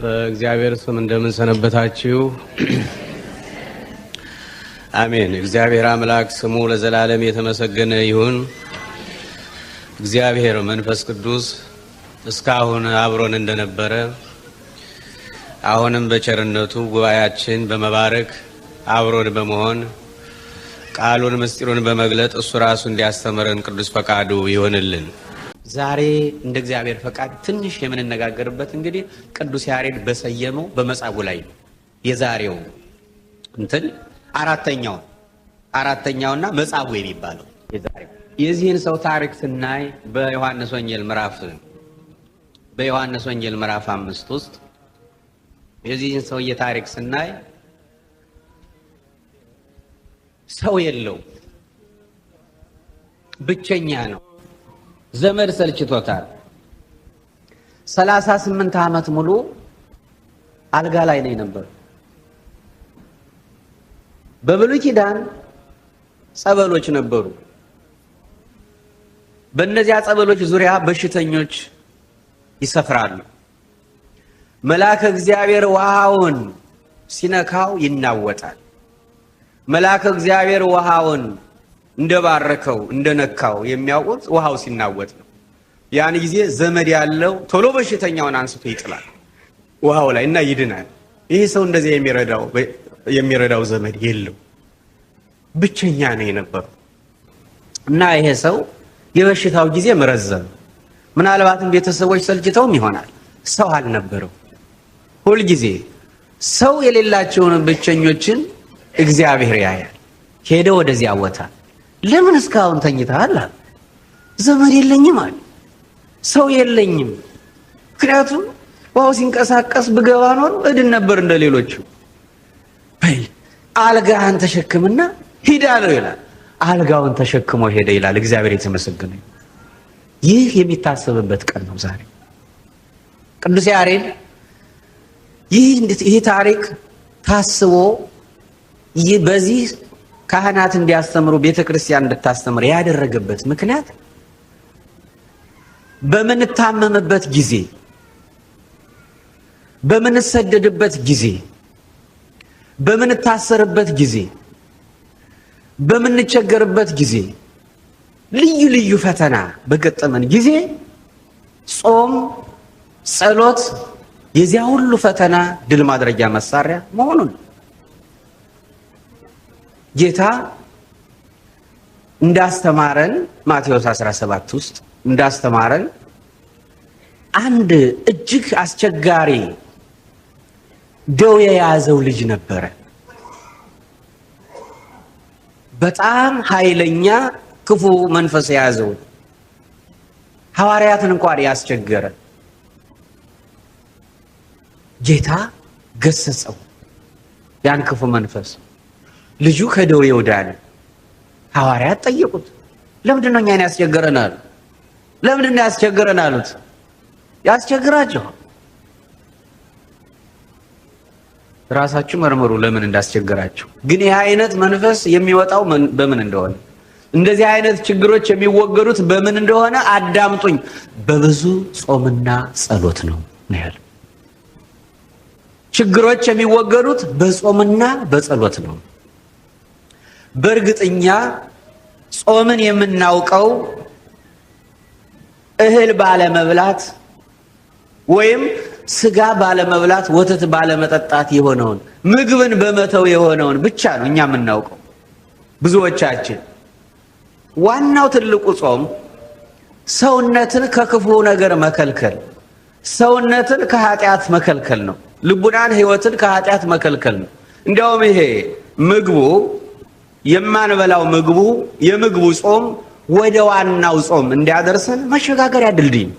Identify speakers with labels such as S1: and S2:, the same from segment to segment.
S1: በእግዚአብሔር ስም እንደምን ሰነበታችሁ? አሜን። እግዚአብሔር አምላክ ስሙ ለዘላለም የተመሰገነ ይሁን። እግዚአብሔር መንፈስ ቅዱስ እስካሁን አብሮን እንደነበረ አሁንም በቸርነቱ ጉባኤያችን በመባረክ አብሮን በመሆን ቃሉን ምስጢሩን በመግለጥ እሱ ራሱ እንዲያስተምረን ቅዱስ ፈቃዱ ይሆንልን።
S2: ዛሬ እንደ እግዚአብሔር ፈቃድ ትንሽ የምንነጋገርበት እንግዲህ ቅዱስ ያሬድ በሰየመው በመጻጉ ላይ ነው። የዛሬው እንትን አራተኛው አራተኛውና መጻጉ የሚባለው የዛሬው የዚህን ሰው ታሪክ ስናይ በዮሐንስ ወንጌል ምዕራፍ በዮሐንስ ወንጌል ምዕራፍ አምስት ውስጥ የዚህን ሰው የታሪክ ስናይ ሰው የለው፣ ብቸኛ ነው። ዘመድ ሰልችቶታል። ሰላሳ ስምንት ዓመት ሙሉ አልጋ ላይ ነው ነበር። በብሉይ ኪዳን ጸበሎች ነበሩ። በእነዚያ ጸበሎች ዙሪያ በሽተኞች ይሰፍራሉ። መልአከ እግዚአብሔር ውሃውን ሲነካው ይናወጣል። መልአከ እግዚአብሔር ውሃውን እንደባረከው እንደነካው የሚያውቁት ውሃው ሲናወጥ ነው። ያን ጊዜ ዘመድ ያለው ቶሎ በሽተኛውን አንስቶ ይጥላል ውሃው ላይ እና ይድናል። ይህ ሰው እንደዚያ የሚረዳው ዘመድ የለው፣ ብቸኛ ነው የነበረው እና ይሄ ሰው የበሽታው ጊዜ መረዘም፣ ምናልባትም ቤተሰቦች ሰልችተውም ይሆናል። ሰው አልነበረው። ሁልጊዜ ሰው የሌላቸውን ብቸኞችን እግዚአብሔር ያያል። ሄደ ወደዚያ ቦታ ለምን እስካሁን ተኝተሃል? አለ ዘመድ የለኝም አለ ሰው የለኝም። ምክንያቱም ውሃው ሲንቀሳቀስ ብገባ ኖር እድን ነበር እንደ ሌሎቹ። በይ አልጋህን ተሸክምና ሂድ አለው ይላል። አልጋውን ተሸክሞ ሄደ ይላል። እግዚአብሔር የተመሰገነ ይህ የሚታሰብበት ቀን ነው ዛሬ። ቅዱስ ያሬድ ይህ ታሪክ ታስቦ በዚህ ካህናት እንዲያስተምሩ ቤተ ክርስቲያን እንድታስተምር ያደረገበት ምክንያት በምንታመምበት ጊዜ፣ በምንሰደድበት ጊዜ፣ በምንታሰርበት ጊዜ፣ በምንቸገርበት ጊዜ፣ ልዩ ልዩ ፈተና በገጠመን ጊዜ ጾም፣ ጸሎት የዚያ ሁሉ ፈተና ድል ማድረጊያ መሳሪያ መሆኑን ጌታ እንዳስተማረን ማቴዎስ 17 ውስጥ እንዳስተማረን አንድ እጅግ አስቸጋሪ ደዌ የያዘው ልጅ ነበረ። በጣም ኃይለኛ ክፉ መንፈስ የያዘው ሐዋርያትን እንኳን ያስቸገረ ጌታ ገሰጸው ያን ክፉ መንፈስ ልጁ ከደዌው ይወዳል። ሐዋርያት ጠየቁት፣ ለምንድን ነው እኛን ያስቸገረን አሉ። ለምንድን ነው ያስቸገረን አሉት። ያስቸግራቸው ራሳችሁ መርምሩ ለምን እንዳስቸግራቸው። ግን ይህ አይነት መንፈስ የሚወጣው በምን እንደሆነ እንደዚህ አይነት ችግሮች የሚወገዱት በምን እንደሆነ አዳምጡኝ፣ በብዙ ጾምና ጸሎት ነው ነው ችግሮች የሚወገዱት በጾምና በጸሎት ነው። በእርግጠኛ ጾምን የምናውቀው እህል ባለመብላት ወይም ስጋ ባለመብላት ወተት ባለመጠጣት የሆነውን ምግብን በመተው የሆነውን ብቻ ነው እኛ የምናውቀው ብዙዎቻችን። ዋናው ትልቁ ጾም ሰውነትን ከክፉ ነገር መከልከል፣ ሰውነትን ከኃጢአት መከልከል ነው። ልቡናን፣ ህይወትን ከኃጢአት መከልከል ነው። እንዲያውም ይሄ ምግቡ የማንበላው ምግቡ የምግቡ ጾም ወደ ዋናው ጾም እንዲያደርሰን መሸጋገሪያ ድልድይ ነው።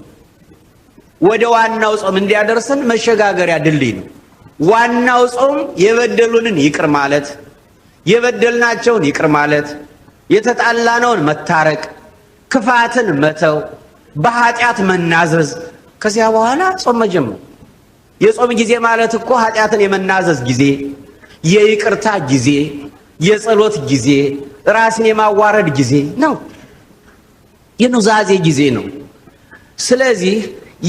S2: ወደ ዋናው ጾም እንዲያደርሰን መሸጋገሪያ ድልድይ ነው። ዋናው ጾም የበደሉንን ይቅር ማለት፣ የበደልናቸውን ይቅር ማለት፣ የተጣላነውን መታረቅ፣ ክፋትን መተው፣ በኃጢአት መናዘዝ። ከዚያ በኋላ ጾም መጀመር። የጾም ጊዜ ማለት እኮ ኃጢአትን የመናዘዝ ጊዜ፣ የይቅርታ ጊዜ የጸሎት ጊዜ፣ ራስን የማዋረድ ጊዜ ነው። የኑዛዜ ጊዜ ነው። ስለዚህ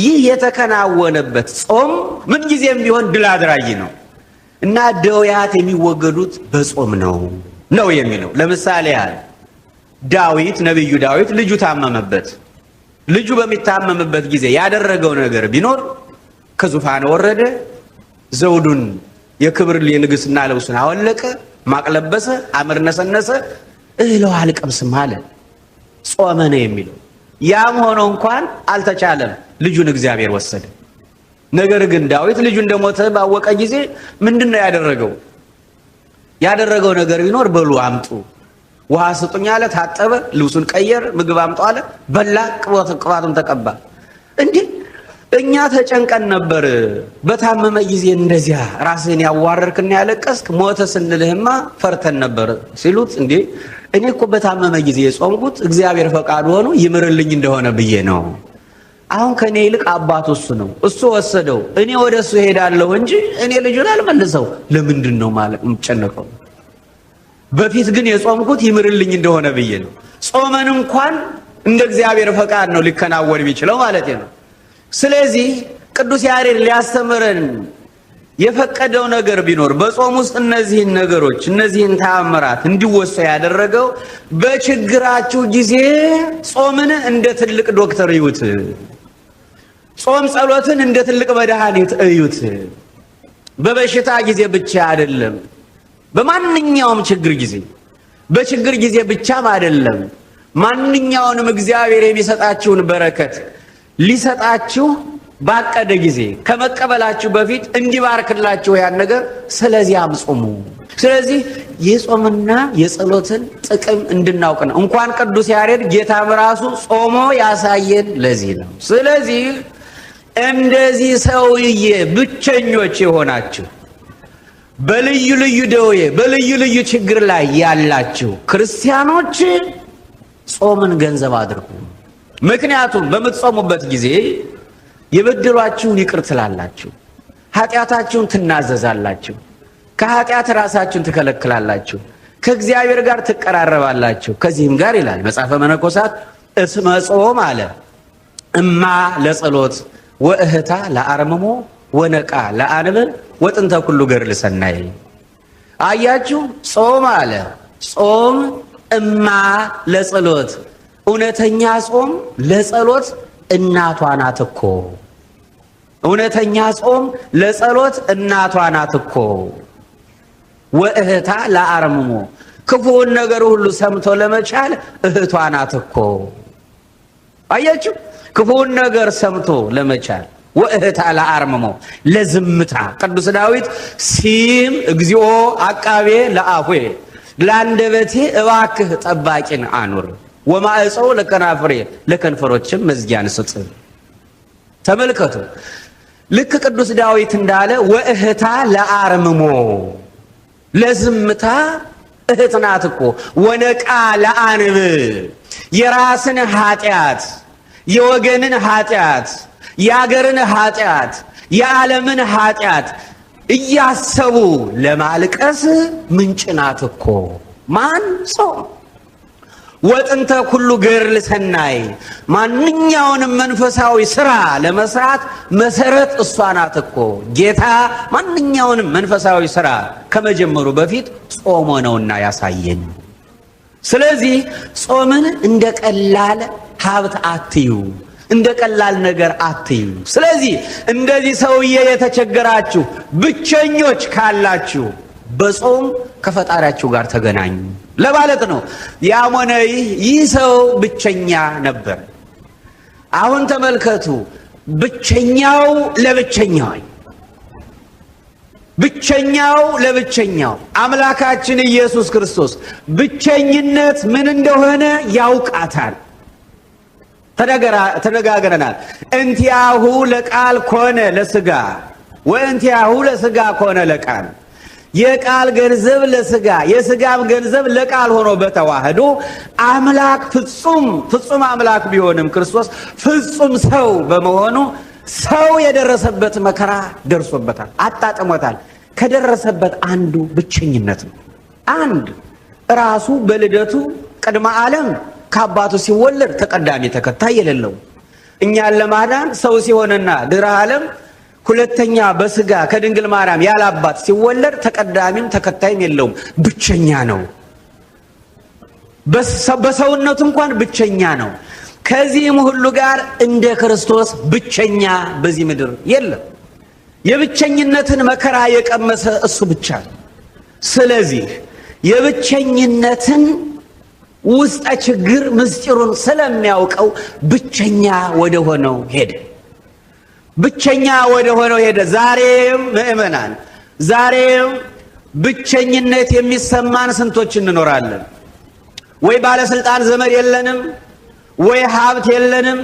S2: ይህ የተከናወነበት ጾም ምን ጊዜም ቢሆን ድል አድራጊ ነው እና ደውያት የሚወገዱት በጾም ነው ነው የሚለው። ለምሳሌ ያህል ዳዊት ነቢዩ ዳዊት ልጁ ታመመበት። ልጁ በሚታመምበት ጊዜ ያደረገው ነገር ቢኖር ከዙፋን ወረደ፣ ዘውዱን የክብር የንግስና ልብሱን አወለቀ። ማቅለበሰ አምርነሰነሰ ነሰነሰ እህለው አልቀምስም አለ። ጾመ ነው የሚለው። ያም ሆኖ እንኳን አልተቻለም። ልጁን እግዚአብሔር ወሰደ። ነገር ግን ዳዊት ልጁ እንደሞተ ባወቀ ጊዜ ምንድን ነው ያደረገው? ያደረገው ነገር ቢኖር በሉ አምጡ፣ ውሃ ስጡኝ አለ። ታጠበ፣ ልብሱን ቀየር፣ ምግብ አምጡ አለ። በላ፣ ቅባቱን ተቀባ። እንዲህ እኛ ተጨንቀን ነበር። በታመመ ጊዜ እንደዚያ ራስህን ያዋረርክና ያለቀስክ ሞተ ስንልህማ ፈርተን ነበር ሲሉት፣ እንዴ እኔ እኮ በታመመ ጊዜ የጾምኩት እግዚአብሔር ፈቃድ ሆኖ ይምርልኝ እንደሆነ ብዬ ነው። አሁን ከእኔ ይልቅ አባቱ እሱ ነው፣ እሱ ወሰደው፣ እኔ ወደ እሱ ሄዳለሁ እንጂ እኔ ልጁን አልመልሰው። ለምንድን ነው ማለት የምጨነቀው? በፊት ግን የጾምኩት ይምርልኝ እንደሆነ ብዬ ነው። ጾመን እንኳን እንደ እግዚአብሔር ፈቃድ ነው ሊከናወን የሚችለው ማለት ነው። ስለዚህ ቅዱስ ያሬድ ሊያስተምረን የፈቀደው ነገር ቢኖር በጾም ውስጥ እነዚህን ነገሮች እነዚህን ተአምራት እንዲወሰ ያደረገው በችግራችሁ ጊዜ ጾምን እንደ ትልቅ ዶክተር እዩት፣ ጾም ጸሎትን እንደ ትልቅ መድኃኒት እዩት። በበሽታ ጊዜ ብቻ አይደለም፣ በማንኛውም ችግር ጊዜ በችግር ጊዜ ብቻም አይደለም። ማንኛውንም እግዚአብሔር የሚሰጣችሁን በረከት ሊሰጣችሁ ባቀደ ጊዜ ከመቀበላችሁ በፊት እንዲባርክላችሁ ያን ነገር ስለዚያም ጾሙ። ስለዚህ የጾምና የጸሎትን ጥቅም እንድናውቅ ነው። እንኳን ቅዱስ ያሬድ ጌታም ራሱ ጾሞ ያሳየን ለዚህ ነው። ስለዚህ እንደዚህ ሰውዬ ብቸኞች የሆናችሁ በልዩ ልዩ ደዌ፣ በልዩ ልዩ ችግር ላይ ያላችሁ ክርስቲያኖች ጾምን ገንዘብ አድርጉ። ምክንያቱም በምትጾሙበት ጊዜ የበደሏችሁን ይቅር ትላላችሁ፣ ኃጢአታችሁን ትናዘዛላችሁ፣ ከኃጢአት ራሳችሁን ትከለክላላችሁ፣ ከእግዚአብሔር ጋር ትቀራረባላችሁ። ከዚህም ጋር ይላል መጽሐፈ መነኮሳት እስመ ጾም አለ እማ ለጸሎት ወእህታ ለአርምሞ ወነቃ ለአንብል ወጥንተ ኩሉ ገድል ሰናይ። አያችሁ ጾም አለ ጾም እማ ለጸሎት እውነተኛ ጾም ለጸሎት እናቷ ናት እኮ እውነተኛ ጾም ለጸሎት እናቷ ናት እኮ ወእህታ ለአርምሞ ክፉውን ነገር ሁሉ ሰምቶ ለመቻል እህቷ ናት እኮ። አያችሁ፣ ክፉውን ነገር ሰምቶ ለመቻል ወእህታ ለአርምሞ ለዝምታ ቅዱስ ዳዊት ሲም እግዚኦ አቃቤ ለአፉ ለአንደበቴ እባክህ ጠባቂን አኑር ወማዕፀው ለከናፍሬ ለከንፈሮችም መዝጊያን ስጥ። ተመልከቱ ልክ ቅዱስ ዳዊት እንዳለ ወእህታ ለአርምሞ ለዝምታ እህት ናት እኮ ወነቃ ለአንብ የራስን ኃጢአት የወገንን ኃጢአት የአገርን ኃጢአት የዓለምን ኃጢአት እያሰቡ ለማልቀስ ምንጭ ናት እኮ ማን ሰው ወጥንተ ሁሉ ገድል ሰናይ፣ ማንኛውንም መንፈሳዊ ስራ ለመስራት መሰረት እሷ ናት እኮ። ጌታ ማንኛውንም መንፈሳዊ ስራ ከመጀመሩ በፊት ጾሞ ነውና ያሳየን። ስለዚህ ጾምን እንደ ቀላል ሀብት አትዩ፣ እንደ ቀላል ነገር አትዩ። ስለዚህ እንደዚህ ሰውዬ የተቸገራችሁ ብቸኞች ካላችሁ በጾም ከፈጣሪያችሁ ጋር ተገናኙ። ለማለት ነው። ያሞነይ ይህ ሰው ብቸኛ ነበር። አሁን ተመልከቱ፣ ብቸኛው ለብቸኛው ብቸኛው ለብቸኛው አምላካችን ኢየሱስ ክርስቶስ ብቸኝነት ምን እንደሆነ ያውቃታል። ተነጋግረናል። እንቲያሁ ለቃል ኮነ ለስጋ ወእንቲያሁ ለስጋ ኮነ ለቃል የቃል ገንዘብ ለስጋ የስጋም ገንዘብ ለቃል ሆኖ በተዋህዶ አምላክ ፍጹም ፍጹም አምላክ ቢሆንም ክርስቶስ ፍጹም ሰው በመሆኑ ሰው የደረሰበት መከራ ደርሶበታል፣ አጣጥሞታል። ከደረሰበት አንዱ ብቸኝነት ነው። አንድ ራሱ በልደቱ ቅድመ ዓለም ከአባቱ ሲወለድ ተቀዳሚ ተከታይ የሌለው እኛን ለማዳን ሰው ሲሆንና ድረ ዓለም ሁለተኛ በስጋ ከድንግል ማርያም ያለ አባት ሲወለድ ተቀዳሚም ተከታይም የለውም፣ ብቸኛ ነው። በሰውነቱ እንኳን ብቸኛ ነው። ከዚህም ሁሉ ጋር እንደ ክርስቶስ ብቸኛ በዚህ ምድር የለም። የብቸኝነትን መከራ የቀመሰ እሱ ብቻ ነው። ስለዚህ የብቸኝነትን ውስጠ ችግር ምስጢሩን ስለሚያውቀው ብቸኛ ወደ ሆነው ሄደ። ብቸኛ ወደ ሆነው ሄደ። ዛሬም ምእመናን፣ ዛሬም ብቸኝነት የሚሰማን ስንቶች እንኖራለን? ወይ ባለስልጣን ዘመድ የለንም፣ ወይ ሀብት የለንም፣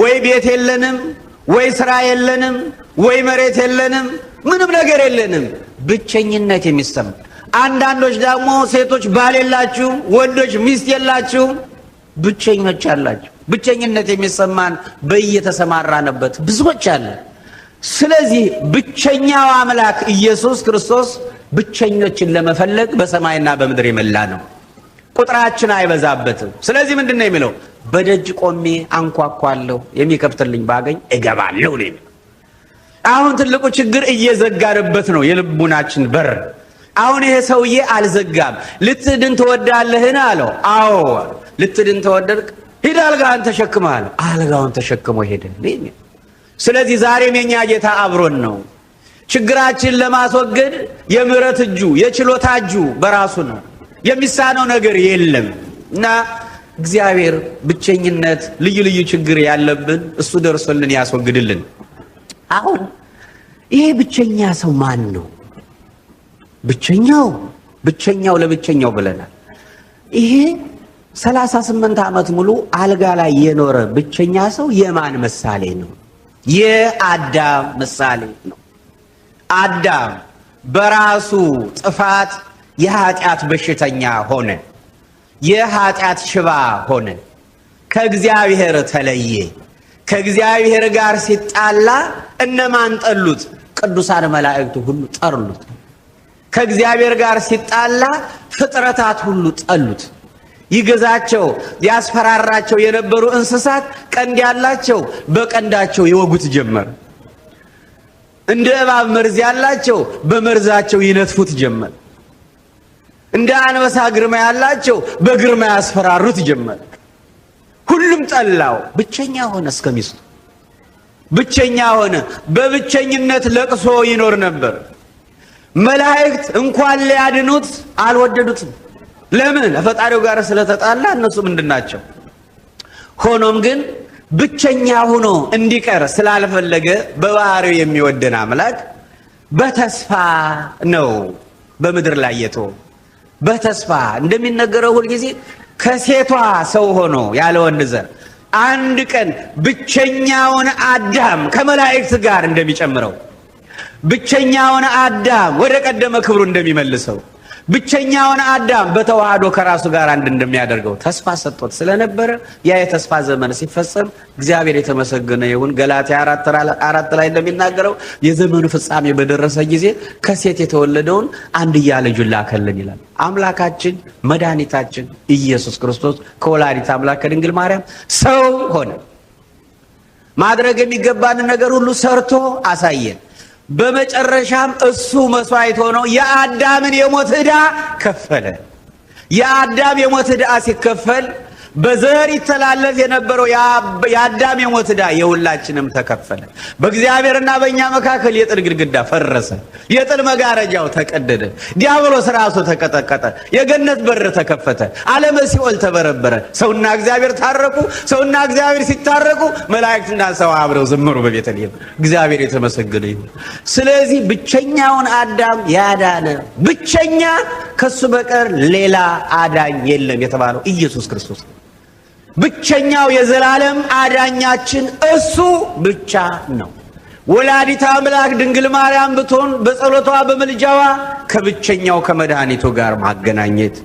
S2: ወይ ቤት የለንም፣ ወይ ስራ የለንም፣ ወይ መሬት የለንም፣ ምንም ነገር የለንም። ብቸኝነት የሚሰማ አንዳንዶች ደግሞ ሴቶች ባል የላችሁ ወንዶች ሚስት የላችሁ፣ ብቸኞች አላችሁ። ብቸኝነት የሚሰማን በየተሰማራነበት ብዙዎች አለ። ስለዚህ ብቸኛው አምላክ ኢየሱስ ክርስቶስ ብቸኞችን ለመፈለግ በሰማይና በምድር የመላ ነው። ቁጥራችን አይበዛበትም። ስለዚህ ምንድን ነው የሚለው? በደጅ ቆሜ አንኳኳለሁ፣ የሚከፍትልኝ ባገኝ እገባለሁ ነው የሚለው። አሁን ትልቁ ችግር እየዘጋንበት ነው የልቡናችን በር። አሁን ይሄ ሰውዬ አልዘጋም። ልትድን ትወዳለህን አለው። አዎ ልትድን ተወደድክ ሂድ አልጋህን ተሸክመሃል። አልጋውን ተሸክሞ ሄደ። ስለዚህ ዛሬም የኛ ጌታ አብሮን ነው። ችግራችን ለማስወገድ የምረት እጁ የችሎታ እጁ በራሱ ነው። የሚሳነው ነገር የለም እና እግዚአብሔር ብቸኝነት፣ ልዩ ልዩ ችግር ያለብን እሱ ደርሶልን ያስወግድልን። አሁን ይሄ ብቸኛ ሰው ማን ነው? ብቸኛው ብቸኛው ለብቸኛው ብለናል። ይሄ ሰላሳ ስምንት ዓመት ሙሉ አልጋ ላይ የኖረ ብቸኛ ሰው የማን ምሳሌ ነው? የአዳም ምሳሌ ነው። አዳም በራሱ ጥፋት የኃጢአት በሽተኛ ሆነ፣ የኃጢአት ሽባ ሆነ፣ ከእግዚአብሔር ተለየ። ከእግዚአብሔር ጋር ሲጣላ እነማን ጠሉት? ቅዱሳን መላእክቱ ሁሉ ጠሉት። ከእግዚአብሔር ጋር ሲጣላ ፍጥረታት ሁሉ ጠሉት። ይገዛቸው ያስፈራራቸው የነበሩ እንስሳት ቀንድ ያላቸው በቀንዳቸው ይወጉት ጀመር። እንደ እባብ መርዝ ያላቸው በመርዛቸው ይነትፉት ጀመር። እንደ አንበሳ ግርማ ያላቸው በግርማ ያስፈራሩት ጀመር። ሁሉም ጠላው፣ ብቸኛ ሆነ። እስከ ሚስቱ ብቸኛ ሆነ። በብቸኝነት ለቅሶ ይኖር ነበር። መላእክት እንኳን ሊያድኑት አልወደዱትም። ለምን ከፈጣሪው ጋር ስለተጣላ እነሱ ምንድን ናቸው? ሆኖም ግን ብቸኛ ሆኖ እንዲቀር ስላልፈለገ በባህሪው የሚወደን አምላክ በተስፋ ነው በምድር ላይ የቶ በተስፋ እንደሚነገረው ሁልጊዜ ከሴቷ ሰው ሆኖ ያለ ወንድ ዘር አንድ ቀን ብቸኛውን አዳም ከመላእክት ጋር እንደሚጨምረው ብቸኛውን አዳም ወደ ቀደመ ክብሩ እንደሚመልሰው ብቸኛውን አዳም በተዋህዶ ከራሱ ጋር አንድ እንደሚያደርገው ተስፋ ሰጥቶት ስለነበረ ያ የተስፋ ዘመን ሲፈጸም እግዚአብሔር የተመሰገነ ይሁን። ገላትያ አራት ላይ እንደሚናገረው የዘመኑ ፍጻሜ በደረሰ ጊዜ ከሴት የተወለደውን አንድያ ልጁን ላከልን ይላል። አምላካችን መድኃኒታችን ኢየሱስ ክርስቶስ ከወላዲት አምላክ ከድንግል ማርያም ሰው ሆነ። ማድረግ የሚገባንን ነገር ሁሉ ሰርቶ አሳየን። በመጨረሻም እሱ መስዋዕት ሆኖ የአዳምን የሞት ዕዳ ከፈለ። የአዳም የሞት ዕዳ ሲከፈል በዘር ይተላለፍ የነበረው የአዳም የሞት ዕዳ የሁላችንም ተከፈለ። በእግዚአብሔርና በእኛ መካከል የጥል ግድግዳ ፈረሰ። የጥል መጋረጃው ተቀደደ። ዲያብሎስ ራሱ ተቀጠቀጠ። የገነት በር ተከፈተ። ዓለመ ሲኦል ተበረበረ። ሰውና እግዚአብሔር ታረቁ። ሰውና እግዚአብሔር ሲታረቁ መላእክትና ሰው አብረው ዘመሩ በቤተልሔም። እግዚአብሔር የተመሰገነ ይሁን። ስለዚህ ብቸኛውን አዳም ያዳነ ብቸኛ ከሱ በቀር ሌላ አዳኝ የለም የተባለው ኢየሱስ ክርስቶስ ብቸኛው የዘላለም አዳኛችን እሱ ብቻ ነው። ወላዲት አምላክ ድንግል ማርያም ብትሆን በጸሎቷ በምልጃዋ ከብቸኛው ከመድኃኒቱ ጋር ማገናኘት፣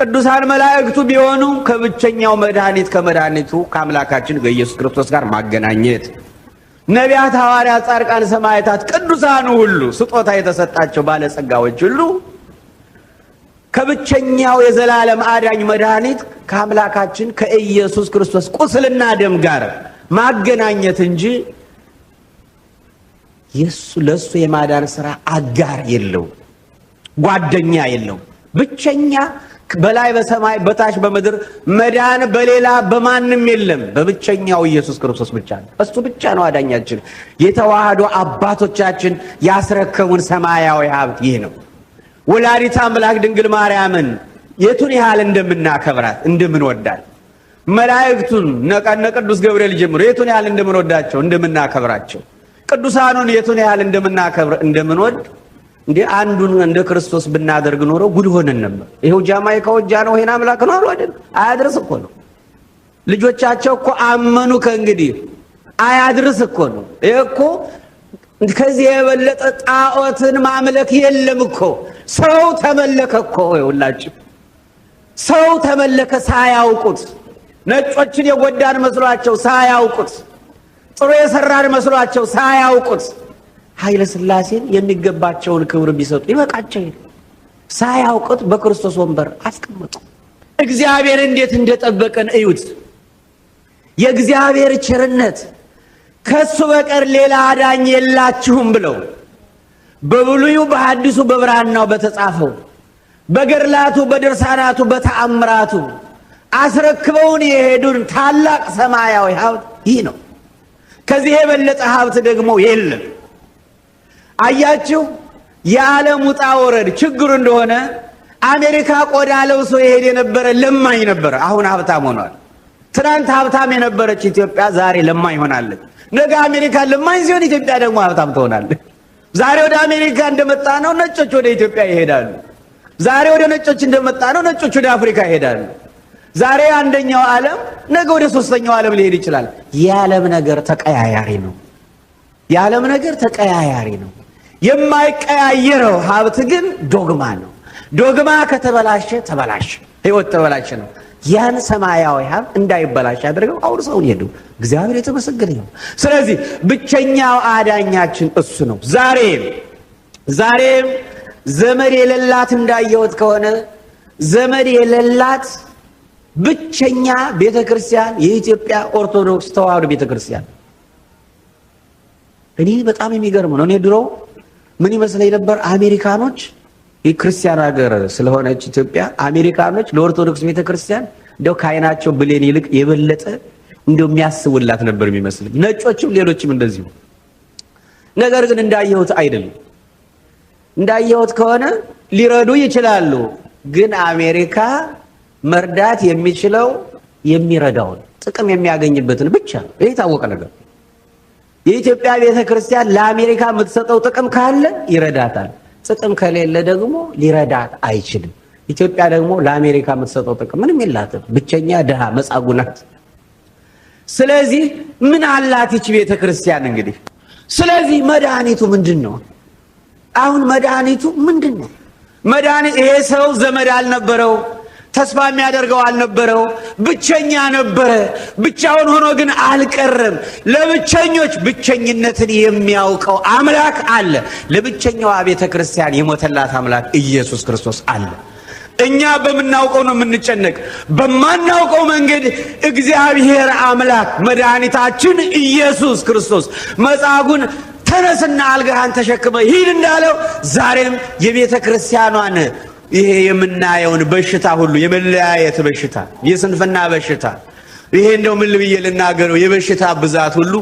S2: ቅዱሳን መላእክቱ ቢሆኑ ከብቸኛው መድኃኒት ከመድኃኒቱ ከአምላካችን ከኢየሱስ ክርስቶስ ጋር ማገናኘት፣ ነቢያት፣ ሐዋርያት፣ ጻድቃን፣ ሰማዕታት ቅዱሳኑ ሁሉ ስጦታ የተሰጣቸው ባለጸጋዎች ሁሉ ከብቸኛው የዘላለም አዳኝ መድኃኒት ከአምላካችን ከኢየሱስ ክርስቶስ ቁስልና ደም ጋር ማገናኘት እንጂ የሱ ለሱ የማዳን ስራ አጋር የለው፣ ጓደኛ የለው። ብቸኛ በላይ በሰማይ በታች በምድር መዳን በሌላ በማንም የለም፣ በብቸኛው ኢየሱስ ክርስቶስ ብቻ ነው። እሱ ብቻ ነው አዳኛችን። የተዋህዶ አባቶቻችን ያስረከቡን ሰማያዊ ሀብት ይህ ነው። ወላዲት አምላክ ድንግል ማርያምን የቱን ያህል እንደምናከብራት እንደምንወዳት መላእክቱን ነቀነ ቅዱስ ገብርኤል ጀምሮ የቱን ያህል እንደምንወዳቸው እንደምናከብራቸው ቅዱሳኑን የቱን ያህል እንደምናከብር እንደምንወድ እንደ አንዱን እንደ ክርስቶስ ብናደርግ ኖሮ ጉድ ሆነን ነበር። ይሄው ጃማይካ ወጃ ነው ይሄን አምላክ ነው አሉ አይደል? አያድርስ እኮ ነው። ልጆቻቸው እኮ አመኑ ከእንግዲህ አያድርስ እኮ ነው። ይሄ እኮ ከዚህ የበለጠ ጣዖትን ማምለክ የለም እኮ። ሰው ተመለከ እኮ ይውላችሁ፣ ሰው ተመለከ ሳያውቁት። ነጮችን የጎዳን መስሏቸው ሳያውቁት፣ ጥሩ የሰራን መስሏቸው ሳያውቁት ኃይለ ሥላሴን የሚገባቸውን ክብር ቢሰጡ ይበቃቸው። ሳያውቁት በክርስቶስ ወንበር አስቀምጡ እግዚአብሔር እንዴት እንደጠበቀን እዩት። የእግዚአብሔር ቸርነት ከሱ በቀር ሌላ አዳኝ የላችሁም ብለው በብሉዩ በሐዲሱ በብራናው በተጻፈው በገድላቱ በድርሳናቱ በተአምራቱ አስረክበውን የሄዱን ታላቅ ሰማያዊ ሀብት ይህ ነው። ከዚህ የበለጠ ሀብት ደግሞ የለም። አያችሁ፣ የዓለም ውጣ ወረድ ችግሩ እንደሆነ አሜሪካ ቆዳ ለብሶ የሄድ የነበረ ለማኝ ነበረ፣ አሁን ሀብታም ሆኗል። ትናንት ሀብታም የነበረች ኢትዮጵያ ዛሬ ለማኝ ሆናለች። ነገ አሜሪካ ለማኝ ሲሆን ኢትዮጵያ ደግሞ ሀብታም ትሆናለች። ዛሬ ወደ አሜሪካ እንደመጣ ነው ነጮች ወደ ኢትዮጵያ ይሄዳሉ። ዛሬ ወደ ነጮች እንደመጣ ነው ነጮች ወደ አፍሪካ ይሄዳሉ። ዛሬ አንደኛው ዓለም ነገ ወደ ሶስተኛው ዓለም ሊሄድ ይችላል። የዓለም ነገር ተቀያያሪ ነው። የዓለም ነገር ተቀያያሪ ነው። የማይቀያየረው ሀብት ግን ዶግማ ነው። ዶግማ ከተበላሸ ተበላሸ፣ ህይወት ተበላሸ ነው። ያን ሰማያዊ ሀብት እንዳይበላሽ አውር አውርሰውን ሄዱ። እግዚአብሔር የተመሰገነ ነው። ስለዚህ ብቸኛው አዳኛችን እሱ ነው። ዛሬ ዛሬም ዘመድ የሌላት እንዳየሁት ከሆነ ዘመድ የሌላት ብቸኛ ቤተ ክርስቲያን የኢትዮጵያ ኦርቶዶክስ ተዋህዶ ቤተ ክርስቲያን። እኔ በጣም የሚገርም ነው። እኔ ድሮ ምን ይመስለኝ ነበር አሜሪካኖች የክርስቲያን ሀገር ስለሆነች ኢትዮጵያ አሜሪካኖች ለኦርቶዶክስ ቤተክርስቲያን እንደው ከአይናቸው ብሌን ይልቅ የበለጠ እንደው የሚያስቡላት ነበር የሚመስል ነጮችም ሌሎችም እንደዚሁ። ነገር ግን እንዳየሁት አይደለም። እንዳየሁት ከሆነ ሊረዱ ይችላሉ፣ ግን አሜሪካ መርዳት የሚችለው የሚረዳውን ጥቅም የሚያገኝበትን ብቻ ነው። ይህ የታወቀ ነገር። የኢትዮጵያ ቤተክርስቲያን ለአሜሪካ የምትሰጠው ጥቅም ካለ ይረዳታል። ጥቅም ከሌለ ደግሞ ሊረዳት አይችልም። ኢትዮጵያ ደግሞ ለአሜሪካ የምትሰጠው ጥቅም ምንም የላትም። ብቸኛ ድሃ መጻጉዕ ናት። ስለዚህ ምን አላት ይች ቤተ ክርስቲያን? እንግዲህ ስለዚህ መድኃኒቱ ምንድን ነው? አሁን መድኃኒቱ ምንድን ነው? መድኃኒት ይሄ ሰው ዘመድ አልነበረው ተስፋ የሚያደርገው አልነበረው። ብቸኛ ነበረ። ብቻውን ሆኖ ግን አልቀረም። ለብቸኞች ብቸኝነትን የሚያውቀው አምላክ አለ። ለብቸኛዋ ቤተ ክርስቲያን የሞተላት አምላክ ኢየሱስ ክርስቶስ አለ። እኛ በምናውቀው ነው የምንጨነቅ። በማናውቀው መንገድ እግዚአብሔር አምላክ መድኃኒታችን ኢየሱስ ክርስቶስ መጻጉን ተነስና አልጋህን ተሸክመ ሂድ እንዳለው ዛሬም የቤተ ክርስቲያኗን ይሄ የምናየውን በሽታ ሁሉ የመለያየት በሽታ፣ የስንፍና በሽታ ይሄ እንደው ምን ልብዬ ልናገረው የበሽታ ብዛት ሁሉ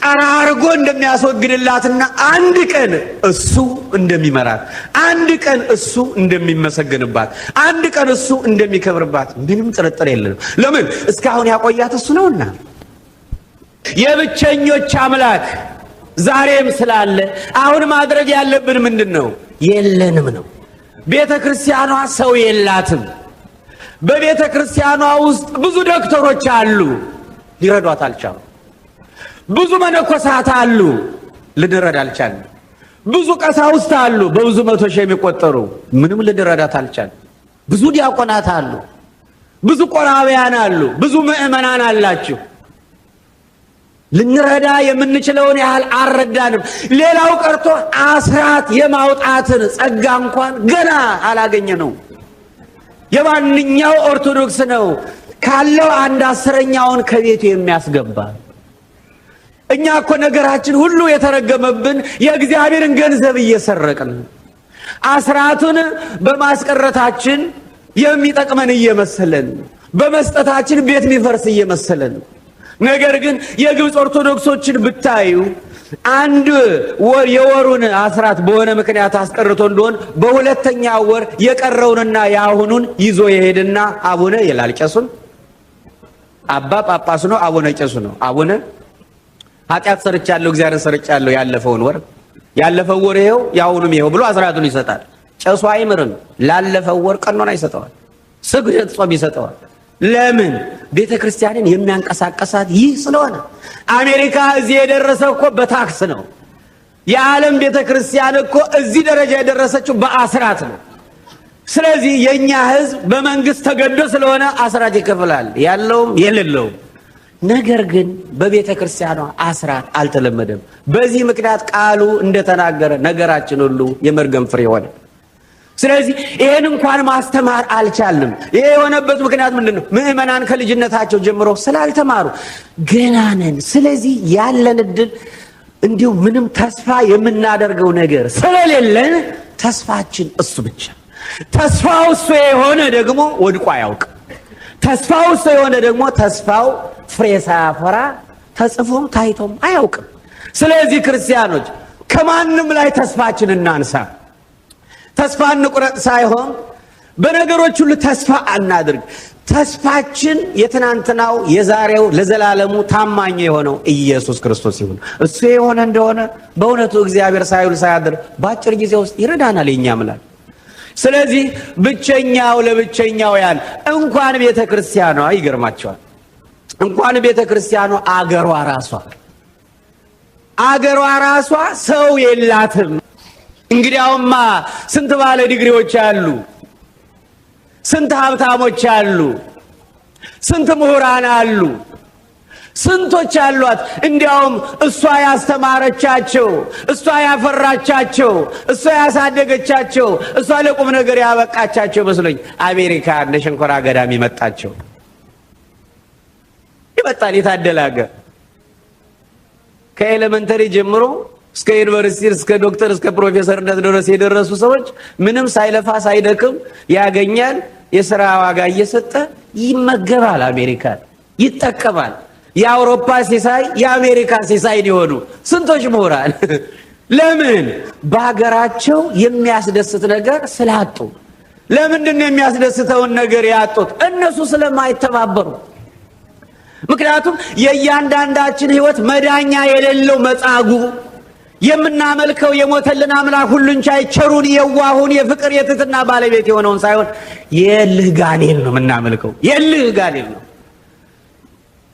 S2: ጠራርጎ እንደሚያስወግድላትና አንድ ቀን እሱ እንደሚመራት፣ አንድ ቀን እሱ እንደሚመሰገንባት፣ አንድ ቀን እሱ እንደሚከብርባት ምንም ጥርጥር የለንም። ለምን እስካሁን ያቆያት እሱ ነውና የብቸኞች አምላክ ዛሬም ስላለ አሁን ማድረግ ያለብን ምንድን ነው? የለንም ነው ቤተ ክርስቲያኗ ሰው የላትም። በቤተ ክርስቲያኗ ውስጥ ብዙ ዶክተሮች አሉ፣ ሊረዷት አልቻሉ። ብዙ መነኮሳት አሉ፣ ልንረድ አልቻል። ብዙ ቀሳውስት አሉ፣ በብዙ መቶ ሺህ የሚቆጠሩ ምንም ልንረዳት አልቻል። ብዙ ዲያቆናት አሉ፣ ብዙ ቆራቢያን አሉ፣ ብዙ ምእመናን አላችሁ። ልንረዳ የምንችለውን ያህል አልረዳንም። ሌላው ቀርቶ አስራት የማውጣትን ጸጋ እንኳን ገና አላገኘ ነው። የማንኛው ኦርቶዶክስ ነው ካለው አንድ አስረኛውን ከቤቱ የሚያስገባ እኛ እኮ ነገራችን ሁሉ የተረገመብን የእግዚአብሔርን ገንዘብ እየሰረቅን አስራቱን በማስቀረታችን የሚጠቅመን እየመሰለን በመስጠታችን ቤት የሚፈርስ እየመሰለን ነገር ግን የግብፅ ኦርቶዶክሶችን ብታዩ አንድ ወር የወሩን አስራት በሆነ ምክንያት አስቀርቶ እንደሆን በሁለተኛ ወር የቀረውንና የአሁኑን ይዞ የሄድና አቡነ ይላል። ቄሱን አባ ጳጳስ ነው አቡነ ቄሱ ነው አቡነ ኃጢአት ሰርቻለሁ እግዚአብሔር ሰርቻለሁ ያለፈውን ወር ያለፈው ወር ይኸው የአሁኑም ይኸው ብሎ አስራቱን ይሰጣል። ቄሱ አይምርም። ላለፈው ወር ቀኖና ይሰጠዋል። ስግደት ጾም ይሰጠዋል። ለምን ቤተ ክርስቲያንን የሚያንቀሳቀሳት ይህ ስለሆነ። አሜሪካ እዚህ የደረሰ እኮ በታክስ ነው። የዓለም ቤተ ክርስቲያን እኮ እዚህ ደረጃ የደረሰችው በአስራት ነው። ስለዚህ የእኛ ሕዝብ በመንግስት ተገዶ ስለሆነ አስራት ይከፍላል፣ ያለውም የሌለውም። ነገር ግን በቤተ ክርስቲያኗ አስራት አልተለመደም። በዚህ ምክንያት ቃሉ እንደተናገረ ነገራችን ሁሉ የመርገም ፍሬ ሆነ። ስለዚህ ይህን እንኳን ማስተማር አልቻልንም። ይሄ የሆነበት ምክንያት ምንድን ነው? ምዕመናን ከልጅነታቸው ጀምሮ ስላልተማሩ ገና ነን። ስለዚህ ያለን እድል እንዲሁ ምንም ተስፋ የምናደርገው ነገር ስለሌለን ተስፋችን እሱ ብቻ። ተስፋው እሱ የሆነ ደግሞ ወድቆ አያውቅ። ተስፋው እሱ የሆነ ደግሞ ተስፋው ፍሬ ሳያፈራ ተጽፎም ታይቶም አያውቅም። ስለዚህ ክርስቲያኖች ከማንም ላይ ተስፋችን እናንሳ። ተስፋ እንቁረጥ ሳይሆን በነገሮች ሁሉ ተስፋ አናድርግ። ተስፋችን የትናንትናው የዛሬው ለዘላለሙ ታማኝ የሆነው ኢየሱስ ክርስቶስ ይሁን። እሱ የሆነ እንደሆነ በእውነቱ እግዚአብሔር ሳይውል ሳያድር በአጭር ጊዜ ውስጥ ይረዳናል የኛ ምላል። ስለዚህ ብቸኛው ለብቸኛውያን እንኳን ቤተ ክርስቲያኗ ይገርማቸዋል። እንኳን ቤተ ክርስቲያኗ አገሯ ራሷ አገሯ ራሷ ሰው የላትም እንግዲያውማ ስንት ባለ ዲግሪዎች አሉ፣ ስንት ሀብታሞች አሉ፣ ስንት ምሁራን አሉ፣ ስንቶች አሏት። እንዲያውም እሷ ያስተማረቻቸው፣ እሷ ያፈራቻቸው፣ እሷ ያሳደገቻቸው፣ እሷ ለቁም ነገር ያበቃቻቸው መስሎኝ አሜሪካ እንደ ሸንኮራ ገዳም ይመጣቸው ይመጣል። የታደለ ከኤሌመንተሪ ጀምሮ እስከ ዩኒቨርሲቲ እስከ ዶክተር እስከ ፕሮፌሰርነት ድረስ የደረሱ ሰዎች ምንም ሳይለፋ ሳይደክም ያገኛል። የስራ ዋጋ እየሰጠ ይመገባል። አሜሪካን ይጠቀማል። የአውሮፓ ሲሳይ የአሜሪካ ሲሳይ የሆኑ ስንቶች ምሁራን ለምን በሀገራቸው የሚያስደስት ነገር ስላጡ? ለምንድን ነው የሚያስደስተውን ነገር ያጡት? እነሱ ስለማይተባበሩ። ምክንያቱም የእያንዳንዳችን ህይወት መዳኛ የሌለው መጻጉዕ የምናመልከው የሞተልን አምላክ ሁሉን ቻይ ቸሩን፣ የዋሁን፣ የፍቅር የትትና ባለቤት የሆነውን ሳይሆን የልህ ጋኔል ነው የምናመልከው። የልህ ጋኔል ነው።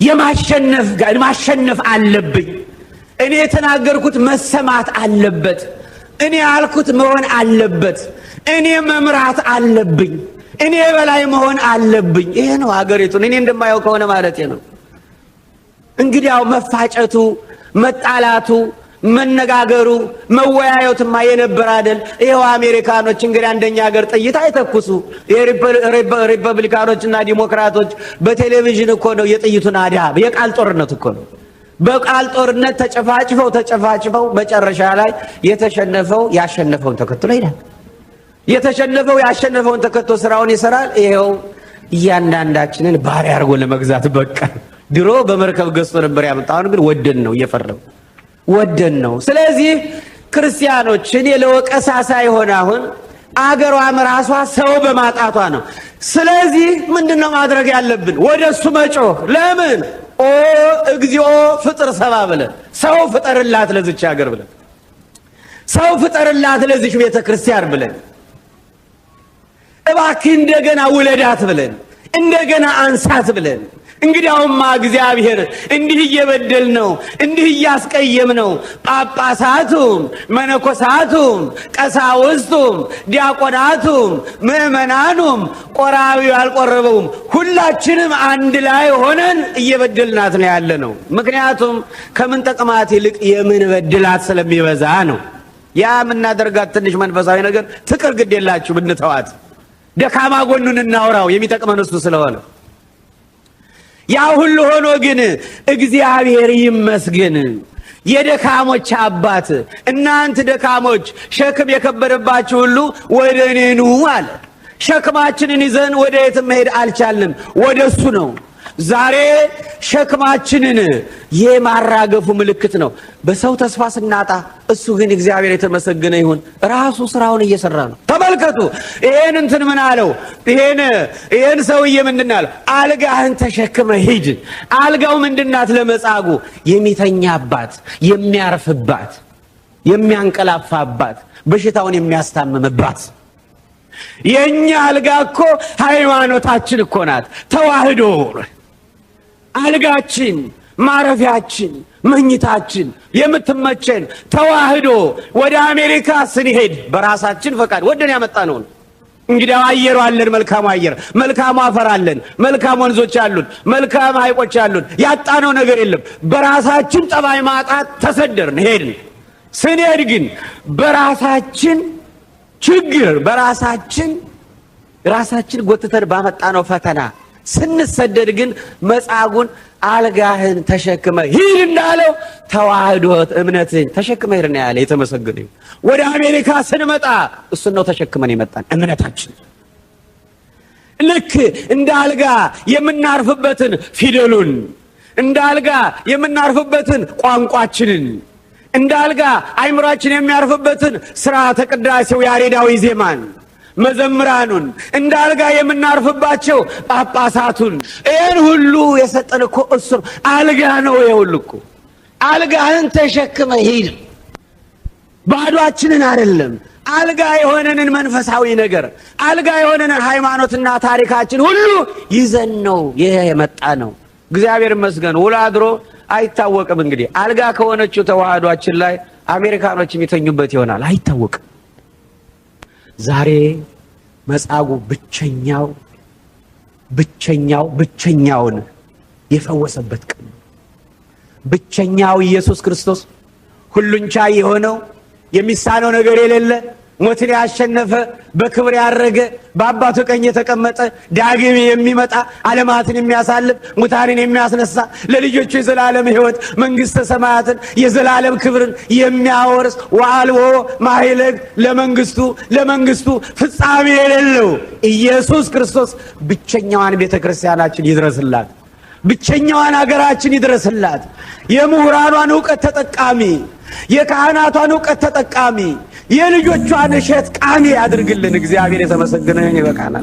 S2: የማሸነፍ ማሸነፍ አለብኝ፣ እኔ የተናገርኩት መሰማት አለበት፣ እኔ ያልኩት መሆን አለበት፣ እኔ መምራት አለብኝ፣ እኔ በላይ መሆን አለብኝ። ይሄ ነው ሀገሪቱን እኔ እንደማየው ከሆነ ማለት ነው። እንግዲያው መፋጨቱ መጣላቱ መነጋገሩ መወያየትማ የነበረ አይደል? ይኸው አሜሪካኖች እንግዲህ አንደኛ ሀገር ጥይት አይተኩሱ። ሪፐብሊካኖችና ዲሞክራቶች በቴሌቪዥን እኮ ነው የጥይቱን አዳ የቃል ጦርነት እኮ ነው። በቃል ጦርነት ተጨፋጭፈው ተጨፋጭፈው መጨረሻ ላይ የተሸነፈው ያሸነፈውን ተከትሎ ይላል። የተሸነፈው ያሸነፈውን ተከትሎ ስራውን ይሰራል። ይኸው እያንዳንዳችንን ባሪያ አድርጎ ለመግዛት በቃ ድሮ በመርከብ ገዝቶ ነበር ያመጣ፣ አሁን ግን ወደን ነው እየፈረሙ ወደን ነው። ስለዚህ ክርስቲያኖች እኔ ለወቀሳ ሳይሆን አሁን አገሯም ራሷ ሰው በማጣቷ ነው። ስለዚህ ምንድን ነው ማድረግ ያለብን? ወደ እሱ መጮህ። ለምን ኦ እግዚኦ ፍጥር ሰባ ብለን ሰው ፍጠርላት ለዝች ሀገር ብለን ሰው ፍጠርላት ለዚች ቤተ ክርስቲያን ብለን እባክህ እንደገና ውለዳት ብለን እንደገና አንሳት ብለን እንግዲያውማ እግዚአብሔር እንዲህ እየበደል ነው እንዲህ እያስቀየም ነው። ጳጳሳቱም፣ መነኮሳቱም፣ ቀሳውስቱም፣ ዲያቆናቱም፣ ምእመናኑም ቆራቢው አልቆረበውም ሁላችንም አንድ ላይ ሆነን እየበደልናት ነው ያለ ነው። ምክንያቱም ከምን ጠቅማት ይልቅ የምን በድላት ስለሚበዛ ነው። ያ የምናደርጋት ትንሽ መንፈሳዊ ነገር ትቅር ግድ የላችሁ ብንተዋት፣ ደካማ ጎኑን እናውራው የሚጠቅመን እሱ ስለሆነ ያ ሁሉ ሆኖ ግን እግዚአብሔር ይመስገን የደካሞች አባት፣ እናንት ደካሞች ሸክም የከበደባችሁ ሁሉ ወደ እኔ ኑ አለ። ሸክማችንን ይዘን ወደ የት መሄድ አልቻልንም፣ ወደ እሱ ነው። ዛሬ ሸክማችንን የማራገፉ ምልክት ነው። በሰው ተስፋ ስናጣ፣ እሱ ግን እግዚአብሔር የተመሰገነ ይሁን ራሱ ስራውን እየሰራ ነው። ተመልከቱ። ይሄን እንትን ምን አለው? ይሄን ይሄን ሰውዬ ምንድን አለው? አልጋህን ተሸክመ ሂድ። አልጋው ምንድናት? ለመጻጉ የሚተኛባት፣ የሚያርፍባት፣ የሚያንቀላፋባት፣ በሽታውን የሚያስታምምባት የእኛ አልጋ እኮ ሃይማኖታችን እኮ ናት ተዋህዶ አልጋችን፣ ማረፊያችን፣ መኝታችን የምትመቸን ተዋህዶ ወደ አሜሪካ ስንሄድ በራሳችን ፈቃድ ወደን ያመጣ ነው። እንግዲህ አየሩ አለን፣ መልካሙ አየር፣ መልካሙ አፈር አለን፣ መልካም ወንዞች አሉን፣ መልካም ሐይቆች አሉን። ያጣነው ነገር የለም። በራሳችን ጠባይ ማጣት ተሰደርን፣ ሄድን። ስንሄድ ግን በራሳችን ችግር በራሳችን ራሳችን ጎትተን ባመጣነው ፈተና ስንሰደድ ግን መጻጉን አልጋህን ተሸክመ ሂድ እንዳለው ተዋህዶት እምነትህን ተሸክመ ሂድ ነው ያለ። የተመሰገነ ወደ አሜሪካ ስንመጣ እሱን ነው ተሸክመን የመጣን እምነታችን። ልክ እንደ አልጋ የምናርፍበትን ፊደሉን፣ እንደ አልጋ የምናርፍበትን ቋንቋችንን፣ እንደ አልጋ አይምራችን የሚያርፍበትን ስርዓተ ቅዳሴው ያሬዳዊ ዜማን መዘምራኑን እንደ አልጋ የምናርፍባቸው ጳጳሳቱን ይህን ሁሉ የሰጠን እኮ እሱ አልጋ ነው። የሁሉ እኮ አልጋህን ተሸክመ ሂድ። ባዷችንን አይደለም። አልጋ የሆነንን መንፈሳዊ ነገር አልጋ የሆነንን ሃይማኖትና ታሪካችን ሁሉ ይዘን ነው ይሄ የመጣ ነው። እግዚአብሔር ይመስገን ውሎ አድሮ አይታወቅም። እንግዲህ አልጋ ከሆነችው ተዋህዷችን ላይ አሜሪካኖች የሚተኙበት ይሆናል አይታወቅም። ዛሬ መጻጉ ብቸኛው ብቸኛው ብቸኛውን የፈወሰበት ቀን ብቸኛው ኢየሱስ ክርስቶስ ሁሉን ቻይ የሆነው የሚሳነው ነገር የሌለ ሞትን ያሸነፈ በክብር ያረገ በአባቱ ቀኝ የተቀመጠ ዳግም የሚመጣ ዓለማትን የሚያሳልፍ ሙታንን የሚያስነሳ ለልጆቹ የዘላለም ሕይወት መንግሥተ ሰማያትን የዘላለም ክብርን የሚያወርስ ወአልቦ ማይለግ ለመንግስቱ ለመንግስቱ ፍጻሜ የሌለው ኢየሱስ ክርስቶስ ብቸኛዋን ቤተ ክርስቲያናችን ይድረስላት። ብቸኛዋን ሀገራችን ይድረስላት። የምሁራኗን እውቀት ተጠቃሚ፣ የካህናቷን እውቀት ተጠቃሚ የልጆቿን እሸት ቃሚ ያድርግልን እግዚአብሔር የተመሰገነ ይበቃናል።